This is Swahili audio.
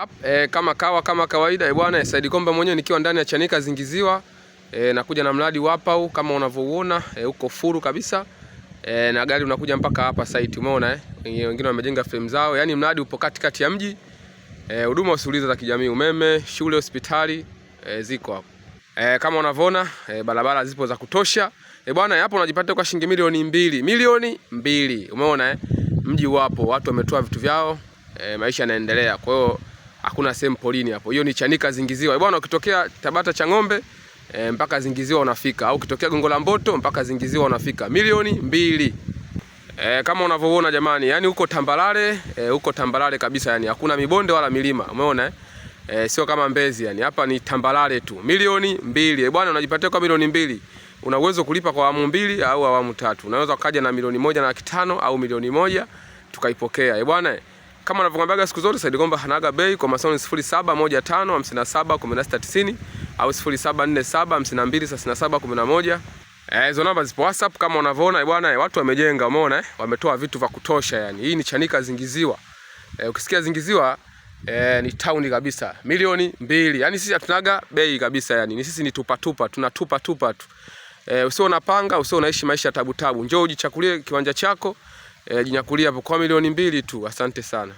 Yep, e, kama kawa kama kawaida e, bwana eh, Said Komba mwenyewe nikiwa ndani ya Chanika Zingiziwa e, nakuja na mradi wapa huu kama unavyoona e, uko furu kabisa e, na gari unakuja mpaka hapa site umeona eh, wengine wamejenga frame zao, yani mradi upo katikati ya mji huduma e, usuliza za kijamii, umeme, shule, hospitali e, ziko hapo e, kama unavyoona e, barabara zipo za kutosha e, bwana hapo unajipata kwa shilingi milioni mbili milioni mbili umeona eh, mji wapo watu wametoa vitu vyao e, maisha yanaendelea kwa hiyo hakuna sehemu polini hapo. Hiyo ni Chanika Zingiziwa. Bwana ukitokea Tabata cha ng'ombe e, mpaka Zingiziwa unafika au ukitokea Gongo la Mboto mpaka Zingiziwa unafika. Milioni mbili. E, kama unavyoona jamani, yani huko tambalale, e, eh, huko tambalale kabisa yani hakuna mibonde wala milima. Umeona eh? E, sio kama Mbezi yani. Hapa ni tambalale tu. Milioni mbili. E, bwana unajipatia kwa milioni mbili. Una uwezo kulipa kwa awamu mbili au awamu tatu. Unaweza kaja na milioni moja na laki tano au milioni moja tukaipokea. E, bwana kama anavyokuambiaga siku zote Said Komba hanaga bei. Kwa mawasiliano ni 0715571690 au 0747523711. Eh, hizo namba zipo WhatsApp kama unavyoona eh, bwana, eh, watu wamejenga, umeona eh, wametoa vitu vya kutosha yani. Hii ni Chanika Zingiziwa. E, ukisikia Zingiziwa e, ni town kabisa. Milioni mbili. Yani sisi hatunaga bei kabisa yani. Ni sisi ni tupa tupa, tunatupa tupa tu. E, usio unapanga, usio unaishi maisha tabu tabu. Njoo ujichakulie kiwanja chako e, jinyakulia hapo kwa milioni mbili tu. Asante sana.